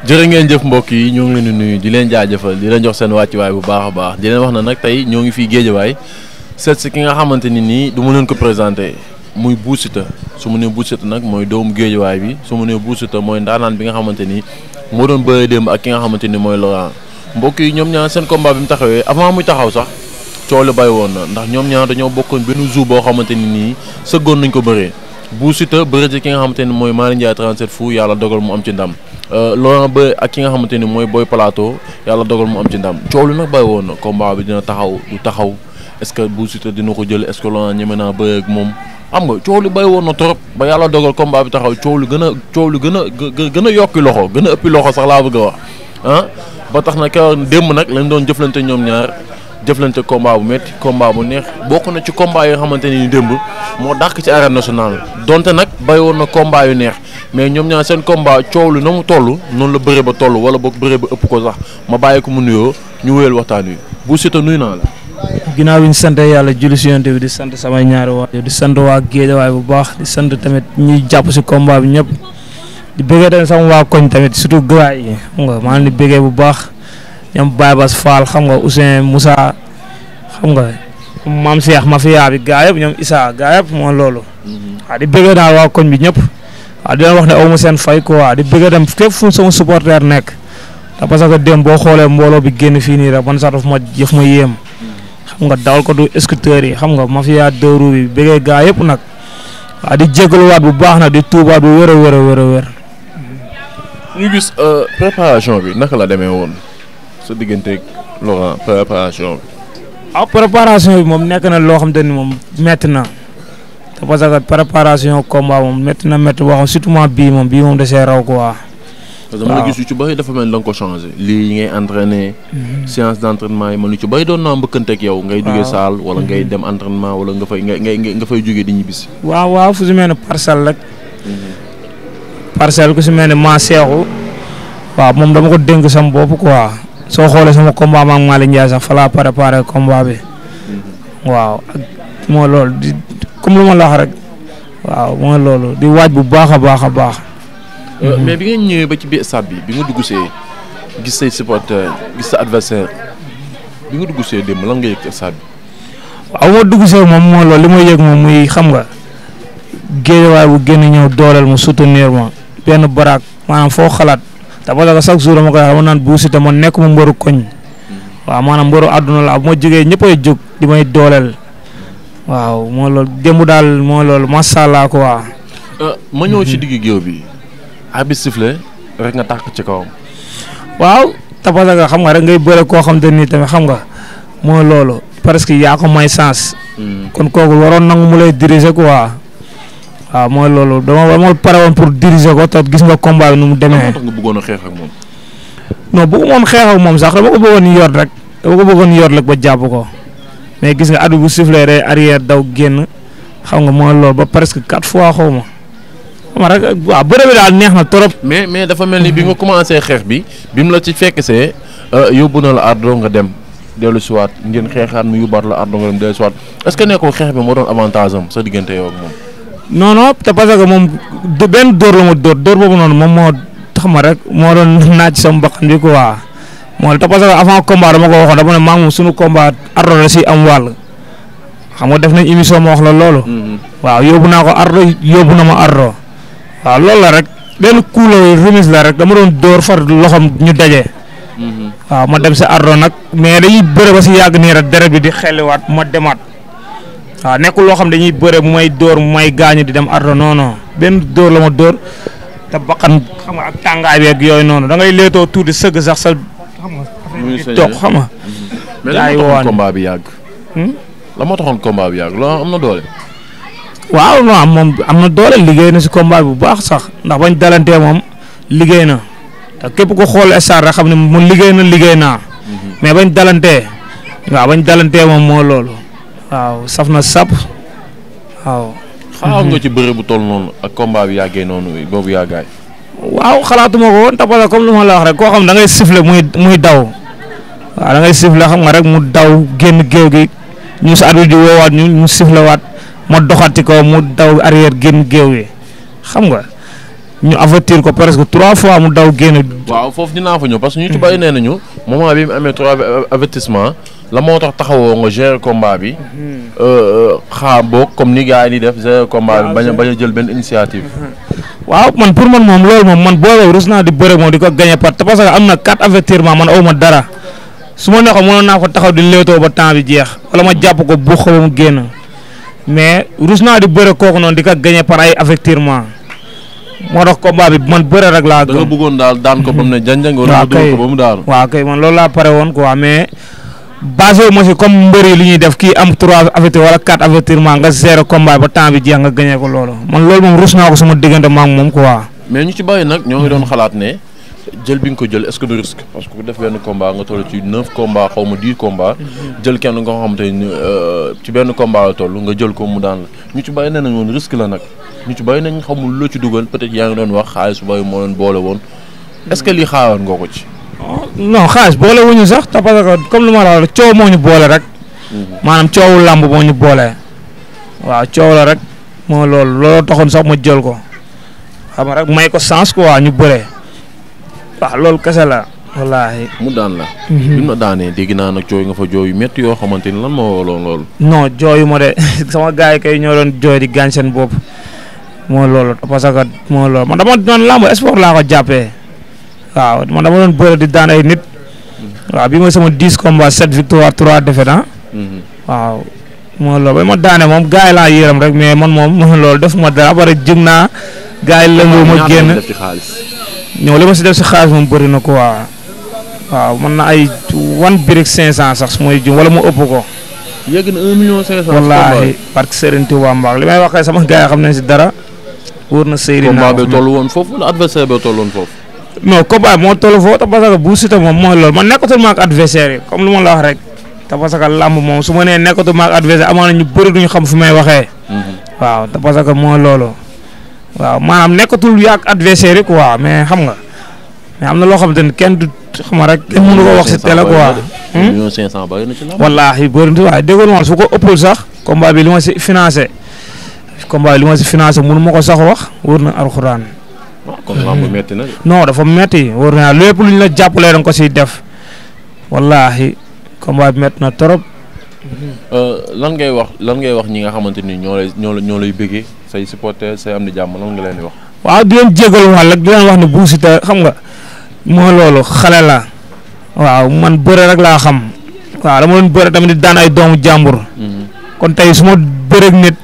jërë ngeen jëf mbokk yi ñoo ngi leen di nuyu di leen jaajëfal di leen jox seen wàccuwaay bu baax a wax na nag tey ñoo ngi fii géejawaay seet si ki nga xamante ni nii du ma leen ko présenté muy Bou su ma nee nag mooy doomu géejawaay bi su ma nee Bou mooy ndaanaan bi nga xamante ni moo doon bëre démb ak ki xamante ni mooy Laurent mbokk yi ñoom ñaan seen combat bi mu taxawee avant muy taxaw sax coow lu bay woon na ndax ñoom ñaar dañoo bokkoon benn jour boo xamante ni nii sëggoon nañ ko bëree Bou Siteu bëre ci ki nga xamante ni mooy Malick Ndiaye 37 fu yàlla dogal mu am ci ndam Euh, Laurent ba ak ki nga xamante ni mooy booy palaatoo yàlla dogal mu am ci ndam coow lu nag bàyyi woon na combat bi dina taxaw du taxaw est-ce que bu Siteu dina ko jël est-ce que Laurent ñeme naa bëre ak moom xam nga coow lu bàyyi woon na trop ba yàlla dogal combat bi taxaw coow lu gën a coow lu gën a gën a yokki loxo gën ëppi loxo sax laa bëgg a wax ah ba tax na keroog démb nag lañ doon jëflante ñoom ñaar jëflante combat bu métti combat bu neex bokk na ci combat yoo xamante ni démb moo dàq ci arène nationale na combat yu neex mais ñoom ñaar seen combat coow na mu toll noonu la bëre ba toll wala boog bëre ba ëpp ko sax ma bàyyi ko mu nuyoo ñu wéyal waxtaan wi bu Siteu nuyu naa la. ginnaaw bi ñu sant yàlla julli si yonent di sant samay ñaari waajur di sant waa Géejawaay bu baax di sant tamit ñuy jàpp si combat bi ñëpp di bëggee tamit sama waa koñ tamit surtout gars yi xam nga maa ngi leen bëggee bu baax. ñoom Baybas Fall xam nga Ousseyn Moussa xam nga maam Cheikh Mafia bi gaa yëpp ñoom Issa gaa yëpp moo loolu. Mhm. waa di bëgg naa waa koñ bi ñëpp. waa di wax ne aw ma seen fay quoi di bëgg dem fépp fu sama supporter nekk. te que dem boo xoolee mbooloo bi génn fii nii rek man sax ma yéem. xam nga dawal ko du scooter yi xam nga Mafia dëru bi bëggee gaa yëpp nag. waa di jégaluwaat bu baax nag di tuubaat bu wér a wér a wér a wér. ñu gis euh, préparation bi naka la demee woon. sa digganteeg Laurent ah, préparation bi. moom nekk na loo xam te ni moom métti na te parce que préparation combat moom métti na métti boo xam surtout moom bii moom bii moom da see raw dama da nga ko changé. lii yi ngay entraîné. Mhm. séance d' yi man ci bëri doon naa mbëkkante ak yow. ngay jugee saal wala ngay mhm. dem entraînement wala nga fay ngay nga fay jugee di ñibbisi. waaw waaw fu si mel ne parcelle mhm. ko dénk soo xoolee sama combat ma ak Malick Ndiaye sax fa laa préparé combat bi waaw di comme mooy loolu di waaj bu baax a baax a baax. Euh, mhm. mais bi ngeen ñëwee ba ci biir stade bi bi nga dugg see gis say supporteurs gis sa adversaire bi nga dugg see démb lan nga yëg stade bi. waaw ma dugg see moom mooy loolu li may yëg moom muy xam nga géejawaay bu génn ñëw dooleel ma soutenir ma benn baraak maanaam foo xalaat. dama la ko chaque jour dama koy wax dama naan Bou Siteu man nekkuma mboru koñ waaw maanaam mboru àdduna la bu jógee ñëpp jóg di may dooleel waaw moo loolu démb daal moo loolu macha ko quoi. Euh, ma ñëw ci digg géew bi. abi sifflé rek nga tàq ci kaw waaw Tafataka xam nga rek ngay bëre koo xam te ni tamit xam nga moo loolu parce que may sens. Hmm. kon kooku waroon nangu mu lay diriger quoi. waaw mooy loolu dama dama pare woon pour diriger ko te gis nga combat bi nu mu demee. nga bëggoon a xeex ak moom. non bu moom xeex ak moom sax dama ko bëggoon yor rek dama ko bëggoon yor rek ba jàpp ko mais gis nga at bu sifflé day arrière daw génn xam nga mooy loolu ba presque quatre fois xaw ma. ma rek waaw bëre bi daal neex na trop. mais mais dafa mel ni bi nga commencé xeex bi bi mu la ci fekk see euh, yóbbu na la ardo nga dem dellu si waat ngeen xeexaat mu yóbbaat la ardo nga dem dellu si waat est ce que nekkul xeex bi moo doon avantage am sa diggante yow moom. non non te parce que moom benn dóor la ma dóor dóor boobu noonu moom moo tax ma rek moo doon naaj sama bakkan bi waa moo te parce que avant combat dama ko waxoon dama ne maa moom suñu combat Ardo la si am wàll xam nga def nañ émission ma wax la loolu. Mm-hmm. waaw yóbbu naa ko Ardo yóbbu na ma Ardo waaw loolu la rek benn coup la la rek dama doon dóor far loxoom ñu daje. Mm-hmm. waaw ma dem si Ardo nag mais dañuy bëre ba si yàgg nii rek deret bi di xelliwaat ma demaat. waaw nekkul loo xam dañuy bëre mu may dóor mu may di dem ardo non benn dóor la ma te bakkan xam nga ak tàngaay beeg yooyu noonu da ngay leetoo tuuti sëgg sax sa. muy sëñ bi xam nga. yaa mm-hmm. bi yàgg. Hmm? la moo taxoon combat bi yàgg loolu waaw non moom am na doole liggéey na si combat bi bu baax sax ndax bañ dalantee moom liggéey na te képp ko xool star xam ne mu liggéey na liggéey naa. Mm-hmm. mais bañ dalantee waaw bañ dalantee moom moo loolu. waaw saf na sap waaw. xaaral nga mhm. ci bëre bu toll noonu ak combat bi yàggee noonu boobu yàggaay. waaw xalaatuma ko woon tapala comme lu ma la wax koo xam da ngay siffler muy muy daw waaw da xam nga rek mu daw génn géew gi ñu sa arbitre di woowaat ñu mu siffler waat ma doxati ko mu daw arrière génn géew gi xam nga ñu avertir ko presque trois fois mu daw génn. waaw foofu dinaa fa ñëw parce que ñu ci mhm. bàyyi nee nañu moment bi amee trois avertissement. la moo tax taxawoo nga gérer combat bi. Mhm. Euh, euh, xaar boog comme ni gars yi di def gérer combat bi bañ jël benn initiative. Mhm. waaw man pour man moom loolu moom man boobu rus naa di bëre moom di ko gagné par parce que am na quatre avertissement man aw ma dara su ma neexoon mënoon naa ko taxaw di léetoo ba temps bi jeex wala ma jàpp ko bu ba mu génn mais rus naa di bëre kooku noonu di ko par ay avertissement moo tax combat bi man bëre rek laa gëm. da daal daan ko ba mu ne janjang. waaw kay man loolu laa pare woon quoi mais. basé si comme mbër yi li ñuy def kii am trois avertir wala quatre avertirement nga bi jeex nga gagné ko loolu man loolu moom rus naa ko sama diggante ma ak moom quoi. mais ñu ci bàyyi nag ñoo ngi doon xalaat ne jël bi nga ko jël est-ce que du risque parce que ku def benn combat nga toll ci neuf combat xaw ma dix combat. jël kenn nga xamante ni euh, ci benn combat la nga jël ko mu daan la ñu ci bàyyi nee nañ woon risque la nag ñu ci bàyyi nañ xamul loo ci dugal peut yaa ngi doon wax xaalis bu bàyyi moo boole woon est-ce que lii ko ci. non xaalis boole wuñu sax te parce que comme lu ma la wax coow moo ñu boole rek. Mhm. maanaam coowu làmb moo ñu boole. waaw coow la rek moo loolu looloo taxoon sax ma jël ko xam rek may ko sens ñu bëree waaw loolu kese la wallaahi. mu daan la. Mhm. bi mu daanee dégg naa nag jooy nga fa jooy yu métti yoo xamante ni lan moo woloon loolu. non jooyu ma de sama gars yi kay ñoo doon jooy di gaañ seen bopp moo loolu parce que moo loolu man dama doon làmb sport laa ko jàppee. waaw man dama doon bëri di daan ay nit. waaw bi mooy sama dix combats sept victoire trois défaites ah. mm-hmm. waaw moo loolu ba ma daanee moom gars yi laa yéeram rek mais man moom loolu def ma dara bari jëm naa. gars yi lëngoo ma génn ñoo li ma si def si xaalis moom bëri na ko waaw waaw mën na ay one brick cinq cent sax su may jum wala mu ëpp ko. yegg na un million cinq cent. wallaahi barke Serigne li may wax sama gars yi xam nañ si dara. wóor na Seydina combat bi toll woon foofu wala adversaire bi woon foofu. non combat moo toll foofu te parce que moom mooy loolu man nekkatul ma ak adversaire yi comme lu ma la wax rek te parce que moom su ma nee nekkatul ma ak adversaire amaana ñu bëri duñu may waxee. Mm-hmm. waaw te parce que mooy loolu. waaw nekkatul yaa ak adversaire yi quoi mais xam nga am na loo xamante ni kenn du xama rek kenn mënu ko wax si télé quoi. Hmm? million cinq cent bëri na ci làmb. wallaahi bëri na ci waaye déggoon ma sax combat bi li ma si financé combat bi li ma si financé mënu ma ko sax wax wóor na alxuraan. kon lamb mm-hmm. metti na non dafa metti wóor naa lépp lu ñu la jàppalee da nga ko siy def wallaahi combat bi metti na trop. Mm-hmm. Euh, lan ngay wax lan ngay wax ñi nga xamante ni ñoo lay ñoo lay ñoo say supporter say am di jàmm lan nga leen di wax. waaw di leen jégalu wàll di leen wax ne Bou Siteu xam nga moo loolu xale la waaw man bëre rek laa xam waaw dama doon bëre tamit daan ay doomu jàmbur. Mm-hmm. kon tey su ma bëreeg nit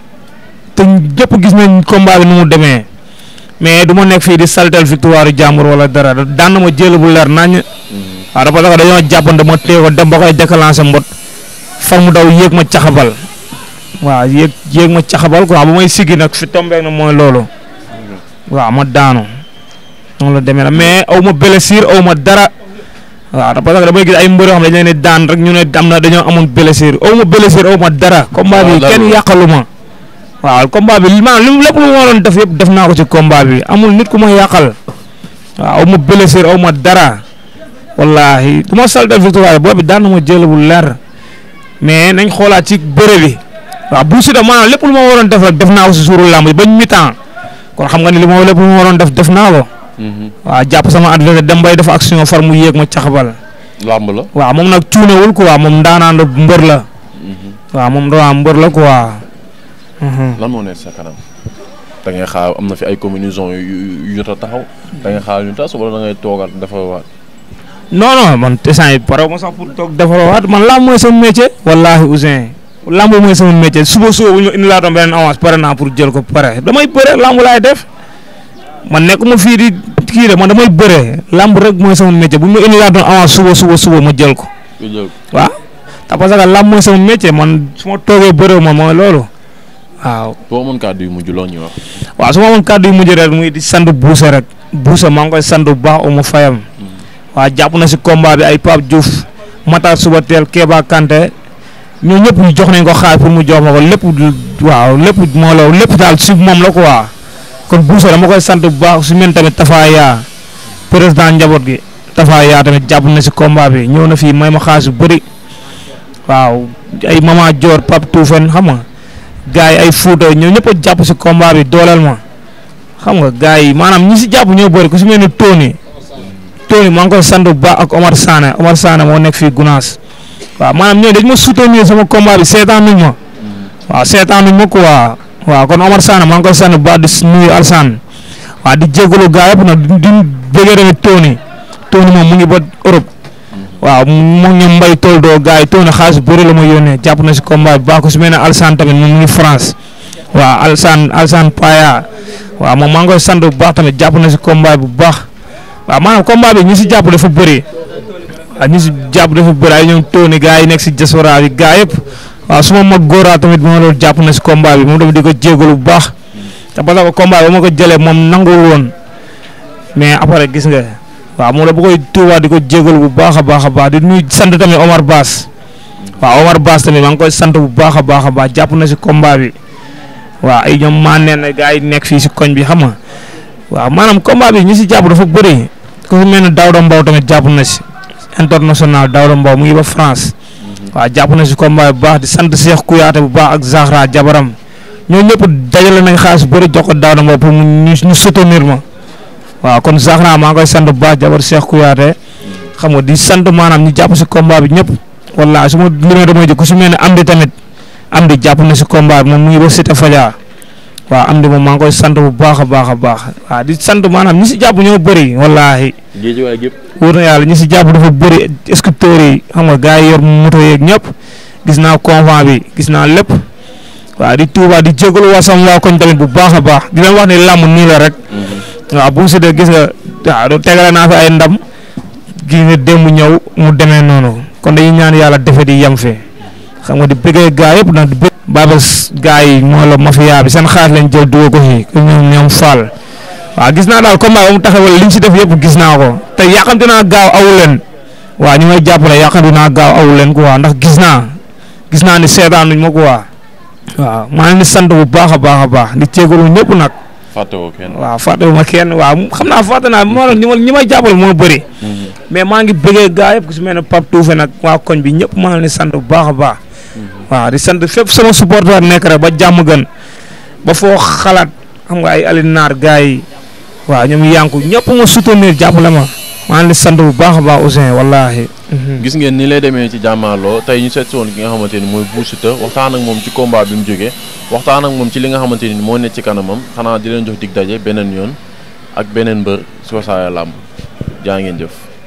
te ñëpp gis nañ combat bi ni mu demee. mais du nekk fii di saltel victoire jàmbur wala dara daan na ma jël bu leer nañ. Mm-hmm. waaw dafa tax dañoo jàppante ma téye ko dem ba koy déclenché mbot far mu daw yéeg ma caxabal waaw yéeg yéeg ma caxabal quoi may siggi nag fi tombé na mooy loolu. Mm-hmm. waaw ma demee la mais aw ma blessure ma dara waaw dafa tax damay gis ay mbër yoo xam dañu leen di daan rek ñu ne am na dañoo amoon blessure aw ma blessure aw ma dara. combat bi kenn yàqalu ma. waaw combat bi maanaam li mu lépp lu ma waroon def yëpp def naa ko ci combat bi amul nit ku ma yàqal waaw aw ma blessure aw ma dara wallaahi du ma saldal victoire boobu daan ma jël bu leer mais nañ xoolaat ci bëre bi waaw bu si da maanaam lépp lu ma waroon def def naa ko si suuru mi temps kon xam nga ni li ma def def naa ko. waaw jàpp sama adversaire dem bay def action far mu yéeg ma caxabal. làmb la waaw moom nag cuunewul quoi moom daanaan mbër la. Mhm. waaw moom daanaan mbër la quoi. Uh-huh. lan moo nekk sa ay combinaison yu taxaw. da ngay xaar ñu tas wala da ngay ma sax pour toog defarawaat man làmb mooy sama métier. suba suba bu ñu indi laa doon pour jël ko pare damay bëre làmb laay def man fii di kii de làmb rek mooy sama métier bu ñu suba suba suba ma jël ko. ma jël ko waaw. làmb mooy sama métier man su ma toogee bëre ma mooy loolu. waaw. boo amoon kàddu yu mujj loo ñuy wax. waaw su ma amoon kàddu yu mujj rek muy di sant buusa rek buusa maa ngi koy sant bu baax amu fayam. waaw jàpp na si combat bi ko xaar mu jox ma ko lépp waaw lépp moo la lépp daal si moom la quoi kon buusa dama koy sant bu baax su mel tamit Tafaaya président njaboot gi Tafaaya tamit jàpp na si combat bi ñëw na fii may ma xaalis bu bëri waaw ay Mama Dior Pape Toufen xam nga. gars yi ay Fouta ñoo ñëpp a jàpp si combat bi dooleel ma xam nga gars yi maanaam ñi si jàpp ñoo bëri ku si mel ni Tony Tony maa ngi koy sant bu baax ak Omar Sané Omar Sané moo nekk fii Gunaas waaw maanaam ñooñu dañ ma soutenir sama combat seetaan nañ ma waaw seetaan nañ ma quoi waaw kon Omar Sané maa ngi koy bu baax di nuyu Alsaan waaw di jégalu gars yëpp nag di di bëggee tamit Tony moom mu ngi ba Europe. waaw mu ñoom mbay tool doo gars yi toona xaalis bëri la ma yónnee jàpp na si combat bi baax ko su mel ne tamit moom mu France waaw Alsane Alsane Paya waaw moom maa sant bu baax tamit jàpp na si combat bu baax waaw maanaam combat si jàpp dafa bëri waaw si jàpp dafa bëri ay ñoom tooni gars yi nekk si jasora yi gars yëpp waaw ma mag góoraa tamit ma jàpp na si combat moom tamit di ko jégalu bu baax te parce que combat ma ko jëlee moom nanguwul woon mais après gis nga. waaw moom la bu koy tuubaat di ko jégal bu baax a baax a baax di nuy sant tamit Omar Baas waaw Omar Baas tamit maa ngi koy sant bu baax a baax a baax jàpp na si kombaa bi waaw ay ñoom maa neen na gars nekk fii si koñ bi xam nga waaw maanaam combat bi ñu si jàpp dafa bëri ku mel ne Daouda Mbow tamit jàpp na si international Daouda Mbow mu ngi ba France waaw jàpp na si combat baax di sant Cheikh Kouyaté bu baax ak Zahra Jabaram ñoo ñëpp dajale nañ xaalis su bëri jox ko Daouda Mbow pour mu ñu soutenir ma. waaw kon sax naa maa ngi koy sant bu baax jabar Cheikh Kouyaté xam nga di sant maanaam ñu jàpp si combat bi ñëpp wallaahi su ma limee ne am di tamit am di jàpp na si combat bi moom mu ngi ba Cité Fadia waaw am di moom maa ngi koy sant bu baax a baax a baax di sant maanaam ñi si jàpp ñoo bëri wallaahi. géejewaay gépp wóor na yàlla ñi si jàpp dafa bëri sculpteurs yi xam nga gars yi yor moto yeeg ñëpp gis naa convent bi gis naa lépp. waa di Touba di jégalu waa sama waa koñ tamit bu baax a baax di leen wax ne làmb nii la rek. Mm-hmm. waaw Bou Siteu gis nga waaw tegale naa fi ay ndam gis nga démb ñëw mu demee noonu kon dañuy ñaan yàlla defe di yem fee xam nga di bëggee gaa yëpp nag di bëgg. Babas gaa yi moo la mafia bi seen xaalis lañ jël dugal ko fii ñoom ñoom Fall waaw gis naa daal combat ba mu taxawal liñ si def yëpp gis naa ko te yàqamti naa gaaw awu leen waaw ñu may jàppale yàqamti naa gaaw awu leen waa ndax gis naa gis naa ni seetaanuñ ma quoi waaw maa ngi sant bu baax a baax a baax di fàttewoo kenn waaw ma kenn waaw xam naa fàtte naa moo tax ñi moo bëri. Mm-hmm. mais maa ngi bëggee gaa yëpp ku si mel ne Pape Toufe nag waa koñ bi ñëpp maa ngi leen sant bu baax baax. Mm-hmm. waa di sant fépp sama supporter nekk rek ba jàmm gën ba foo xalaat xam nga ay alinaar gars yi waaw ñoom yànku ñëpp ma soutenir jàppale ma. maa ni sant bu baax a baax Ouzin wallaahi. Mhm. gis ngeen ni lay demee ci jàmmaarloo tey ñu seet si woon ki nga xamante ni mooy Bou Siteu waxtaan ak moom ci combat bi mu jógee waxtaan ak moom ci li nga xamante ni moo nekk ci kanamam xanaa di leen jox dig daje beneen yoon ak beneen mbër si Wassare Lamb jaa ngeen jëf.